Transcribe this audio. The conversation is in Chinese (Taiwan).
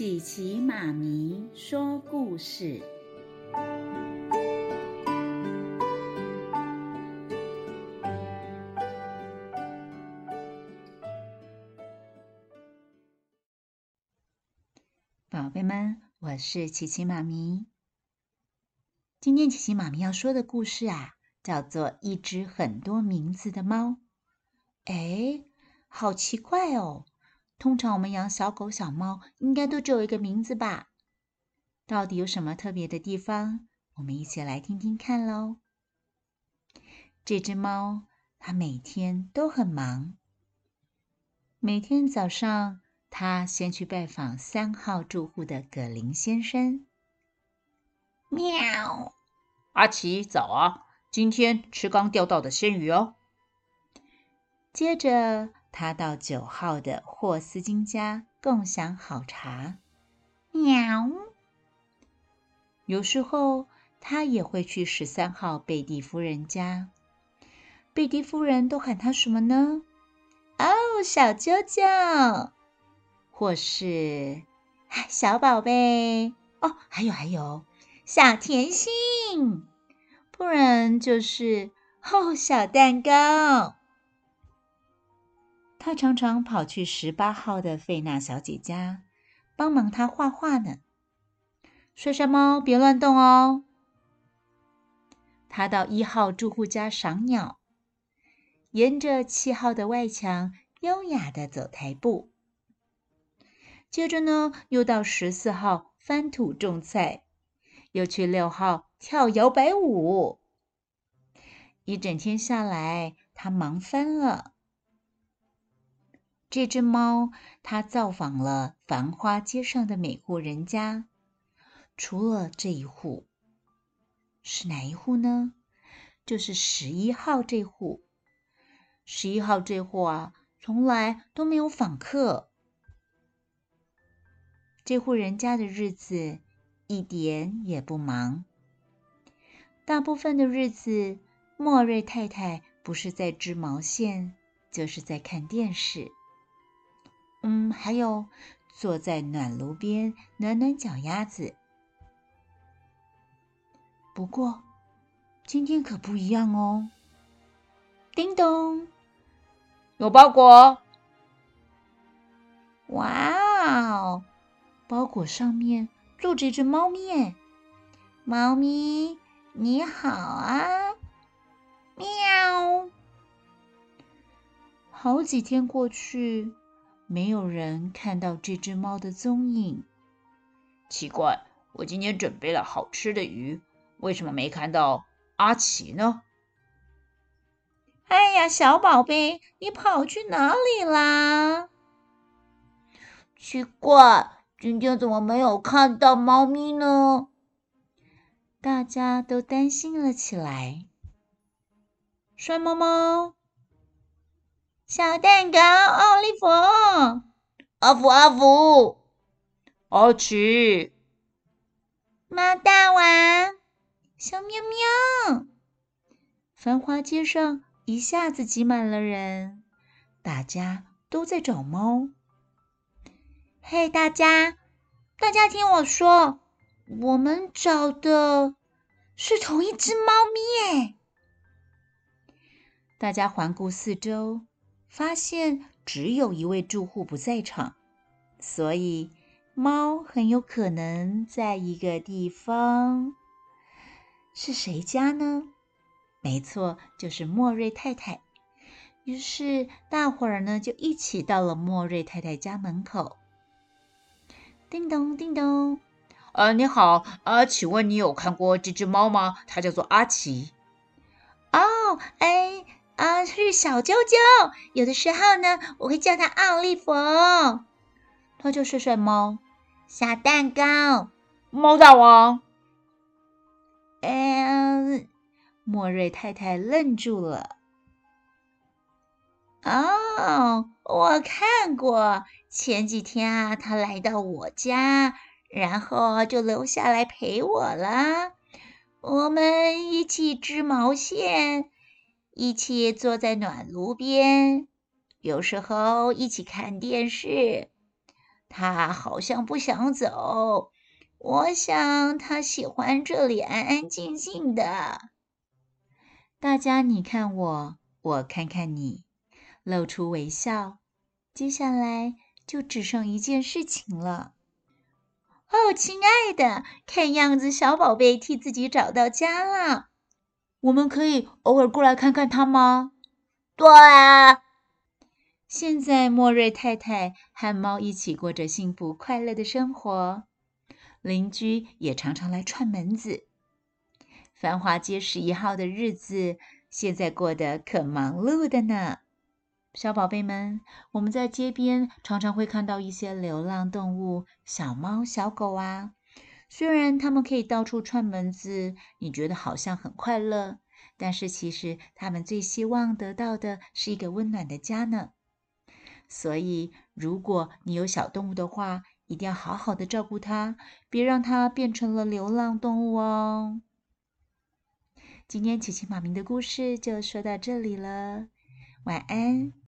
奇奇媽咪說故事，寶貝們，我是奇奇媽咪。今天奇奇媽咪要說的故事啊，叫做《一隻很多名字的貓》。哎，好奇怪哦！通常我們養小狗、小貓，應該都只有一個名字吧？到底有什麼特別的地方？我們一起來聽聽看嘍。這隻貓，它每天都很忙。每天早上，它先去拜訪三號住戶的葛林先生。喵！阿奇早啊，今天吃剛釣到的鮮魚哦。接着。他到九號的霍斯金家共享好茶。喵。有時候他也會去十三號貝蒂夫人家。貝蒂夫人都喊他什麼呢？哦，小啾啾，或是小寶貝。哦，還有還有，小甜心，不然就是哦，小蛋糕。他常常跑去十八號的費娜小姐家幫忙她畫畫呢。帥帥貓，別亂動哦。他到一號住戶家賞鳥，沿着七號的外牆優雅地走台步。接着呢，又到十四號翻土種菜，又去六號跳搖擺舞。一整天下來，他忙翻了。這只貓，它造訪了繁花街上的每戶人家，除了這一戶，是哪一戶呢？就是十一號這戶。十一號這戶啊，從來都沒有訪客。這戶人家的日子一點也不忙，大部分的日子，默瑞太太不是在織毛線，就是在看電視。嗯，還有坐在暖爐邊暖暖腳丫子。不過今天可不一樣哦！叮咚，有包裹！哇哦，包裹上面住着一隻貓咪。貓咪你好啊，喵！好幾天過去。沒有人看到這隻貓的蹤影。奇怪，我今天準備了好吃的魚，為什麼沒看到阿奇呢？哎呀，小寶貝，你跑去哪裡啦？奇怪，今天怎麼沒有看到貓咪呢？大家都擔心了起來帥貓貓。小蛋糕，奧利弗，阿福，阿福，阿奇，貓大王，小喵喵。繁華街上一下子擠滿了人，大家都在找貓。嘿，hey, 大家，大家聽我說，我們找的是同一隻貓咪誒。大家環顧四周，發現只有一位住戶不在場，所以貓很有可能在一個地方。是誰家呢？沒錯，就是默瑞太太。於是大夥兒呢就一起到了默瑞太太家門口。叮咚，叮咚。呃，你好，呃、啊，請問你有看過這只貓嗎？它叫做阿奇。哦，哎。啊，是小啾啾。有的時候呢，我會叫他奧利弗。他就是什麼，小蛋糕，貓大王。嗯，莫瑞太太愣住了。哦，oh, 我看過。前幾天啊，他來到我家，然後就留下來陪我了。我們一起織毛線。一起坐在暖爐邊，有時候一起看電視。他好像不想走，我想他喜歡這裡安安靜靜的。大家，你看我，我看看你，露出微笑。接下來就只剩一件事情了。哦，親愛的，看樣子小寶貝替自己找到家了。我們可以偶爾過來看看它嗎？對啊。現在默瑞太太和貓一起過着幸福快樂的生活，鄰居也常常來串門子。繁花街十一號的日子現在過得可忙碌的呢。小寶貝們，我們在街邊常常會看到一些流浪動物，小貓、小狗啊。雖然它們可以到處串門子，你覺得好像很快樂，但是其實它們最希望得到的是一個溫暖的家呢。所以，如果你有小動物的話，一定要好好的照顧它，別讓它變成了流浪動物哦。今天琪琪媽咪的故事就說到這裡了，晚安。